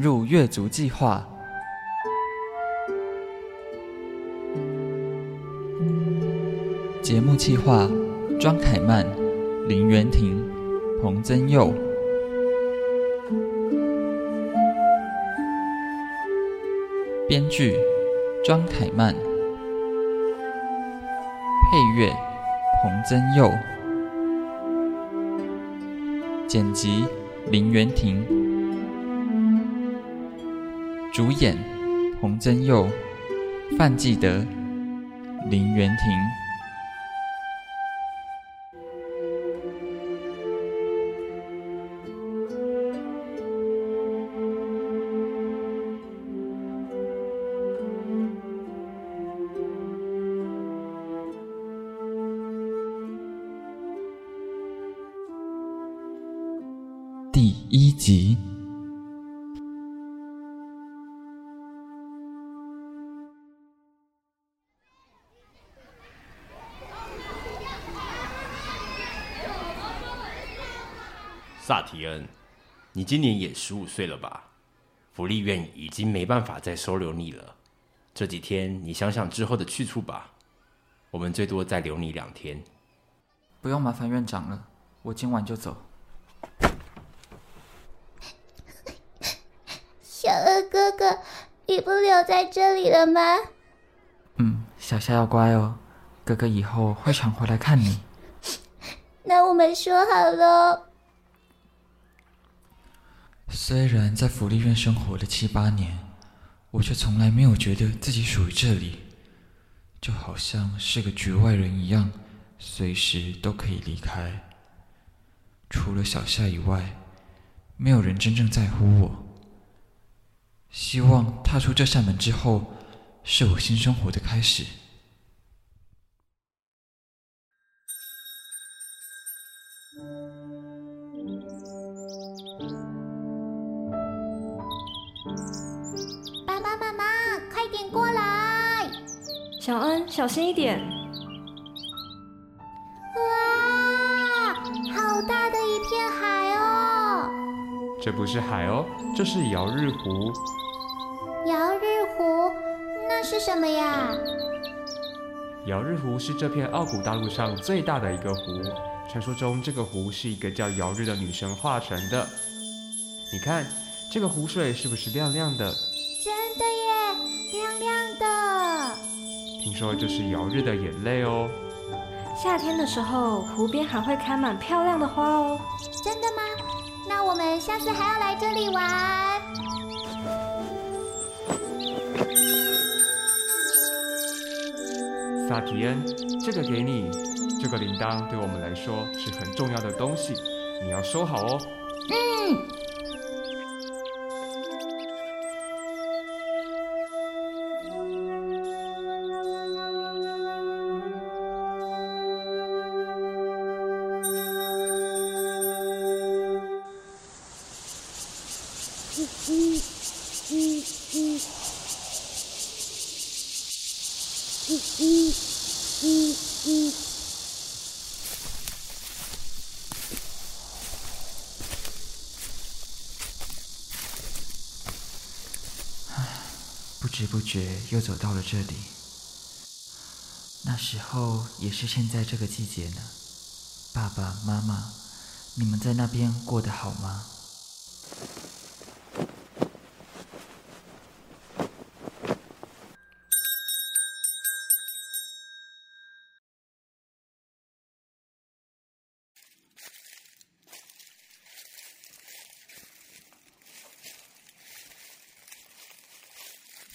入月族計劃。節目策劃：莊凱曼、林元廷、彭增佑。編劇：莊凱曼。配樂：彭增佑。剪輯：林元廷。主演：洪真佑、范繼德、林元廷。第一集。薩提恩，你今年也十五歲了吧？福利院已經沒辦法再收留你了。這幾天你想想之後的去處吧。我們最多再留你兩天。不用麻煩院長了，我今晚就走。小恩哥哥，你不留在這裡了嗎？嗯，小夏要乖哦，哥哥以後會常回來看你。那我們說好了。雖然在福利院生活了七八年，我卻從來沒有覺得自己屬於這裡，就好像是個局外人一樣，隨時都可以離開。除了小夏以外，沒有人真正在乎我。希望踏出這扇門之後，是我新生活的開始。小恩，小心一點！哇，好大的一片海哦！這不是海哦，這是遙日湖。遙日湖？那是什麼呀？遙日湖是這片奧古大陸上最大的一個湖。傳說中，這個湖是一個叫遙日的女神化成的。你看，這個湖水是不是亮亮的？真的耶，亮亮的。聽說這是遙日的眼淚哦。夏天的時候，湖邊還會開滿漂亮的花哦。真的嗎？那我們下次還要來這裡玩。薩提恩，這個給你。這個鈴鐺對我們來說是很重要的東西，你要收好哦。嗯。嗯嗯嗯嗯、唉，不知不覺又走到了這裡。那時候也是現在這個季節呢。爸爸媽媽，你們在那邊過得好嗎？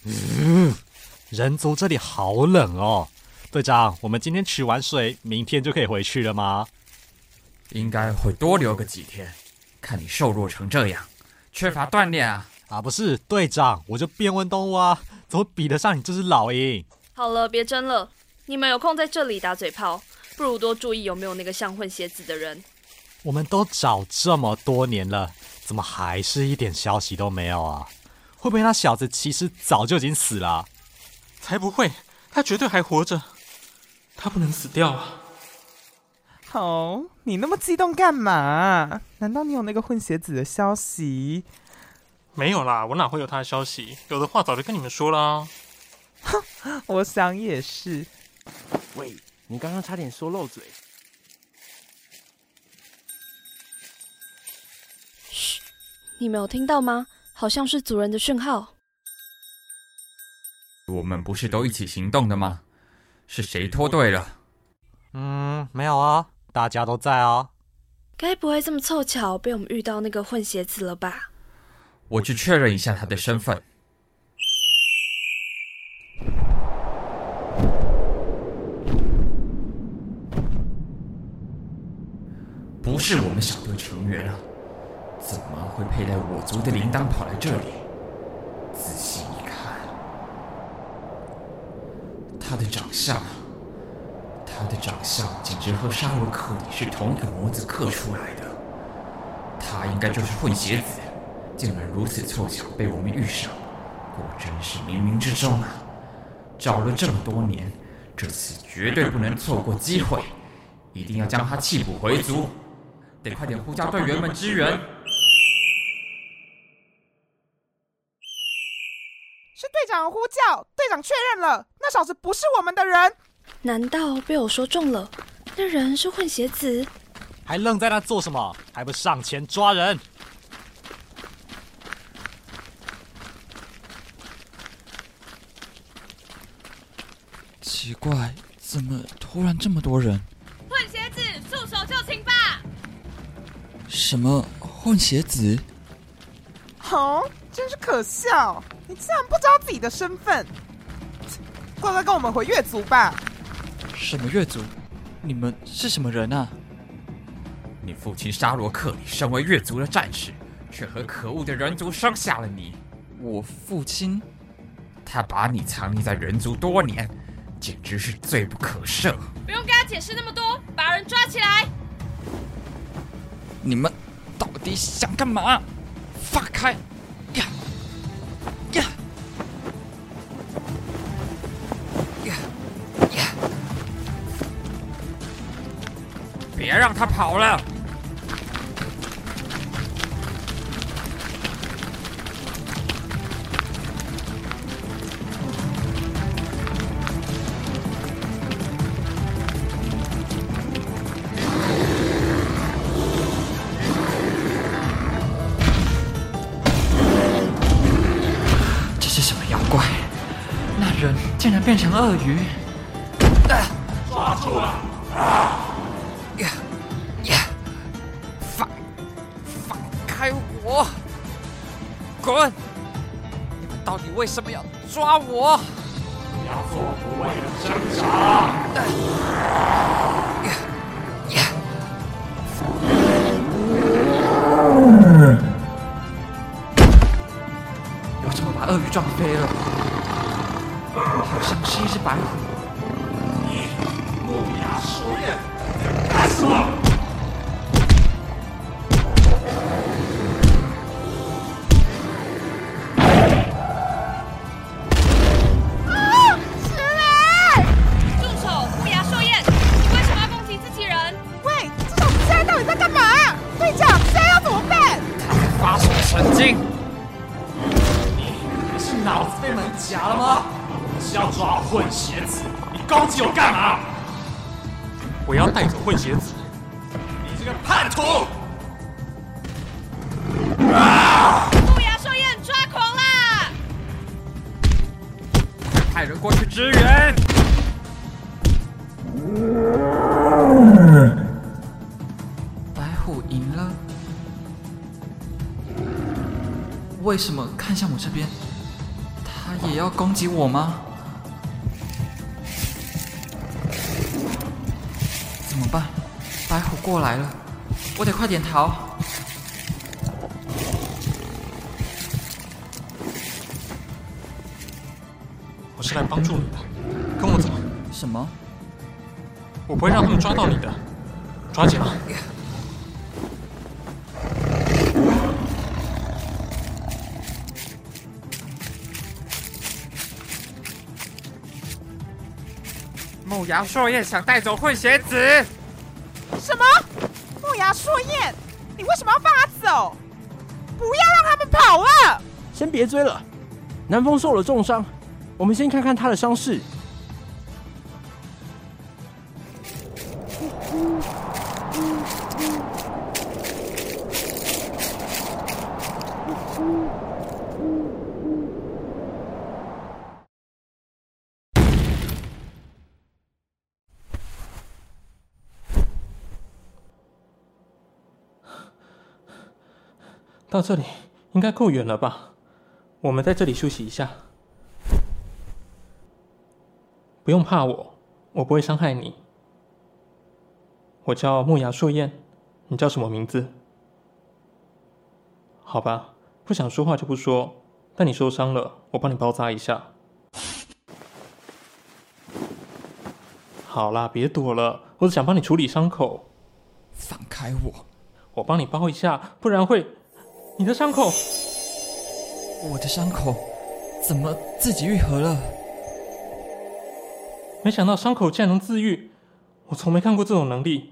嗯，人族這裡好冷哦。隊長，我們今天取完水，明天就可以回去了嗎？應該會多留個幾天。看你瘦弱成這樣，缺乏鍛鍊啊！啊，不是，隊長，我就變溫動物啊，怎麼比得上你這隻老鷹？好了，別爭了。你們有空在這裡打嘴炮，不如多注意有沒有那個像混血子的人。我們都找這麼多年了，怎麼還是一點消息都沒有啊？會不會那小子其實早就已經死了？啊？才不會，他絕對還活着，他不能死掉啊！好，哦，你那麼激動幹嘛？難道你有那個混血子的消息？沒有啦，我哪會有他的消息？有的話早就跟你們說啦。哼， 我想也是。喂，你剛剛差點說漏嘴。噓，你沒有聽到嗎？好像是族人的訊號。我們不是都一起行動的嗎？是誰脫隊了？嗯，沒有啊，大家都在啊。該不會這麼湊巧被我們遇到那個混血子了吧？我去確認一下他的身份。不是我們小隊成員啊。怎麼會佩戴我族的鈴鐺跑來這裡？仔細一看，他的長相，他的長相簡直和沙羅克里是同一個模子刻出來的。他應該就是混血子，竟然如此湊巧被我們遇上，果真是冥冥之中啊！找了這麼多年，這次絕對不能錯過機會，一定要將他緝捕回族。得快點呼叫隊員們支援！長，呼叫隊長，確認了，那小子不是我們的人。難道被我說中了？那人是混血子，還愣在那做什麼？還不上前抓人！奇怪，怎麼突然這麼多人？混血子，束手就擒吧！什麼，混血子？好、哦，真是可笑。你竟然不知道自己的身份，乖乖跟我們回月族吧。什麼月族？你們是什麼人啊？你父親沙羅克里身為月族的戰士，卻和可惡的人族生下了你。我父親，他把你藏匿在人族多年，簡直是罪不可赦。不用跟他解釋那麼多，把人抓起來。你們到底想幹嘛？放開！別讓他跑了！這是什麼妖怪？那人竟然變成鱷魚！啊！抓住了！啊！滾！你們到底為什麼要抓我？不要做無謂的掙扎。哎我要帶走混血子！你這個叛徒。啊！鹿牙獸焰抓狂啦！派人過去支援。啊。白虎贏了？為什麼看向我這邊？他也要攻擊我嗎？怎麼辦？白虎過來了，我得快點逃。我是來幫助你的，跟我走。什麼？我不會讓他們抓到你的，抓緊了。呃木牙碩燕想帶走混血子，什麼？木牙碩燕，你為什麼要放他走？不要讓他們跑了！先別追了，南風受了重傷，我們先看看他的傷勢。到這裡應該夠遠了吧？我們在這裡休息一下，不用怕我，我不會傷害你。我叫木牙碩彥，你叫什麼名字？好吧，不想說話就不說。但你受傷了，我幫你包扎一下。好啦，別躲了，我只想幫你處理傷口。放開我，我幫你包一下，不然會。你的傷口？我的傷口，怎麼自己癒合了？沒想到傷口竟然能自癒，我從沒看過這種能力。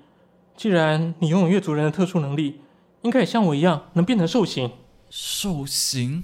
既然你擁有月族人的特殊能力，應該也像我一樣能變成獸形。獸形？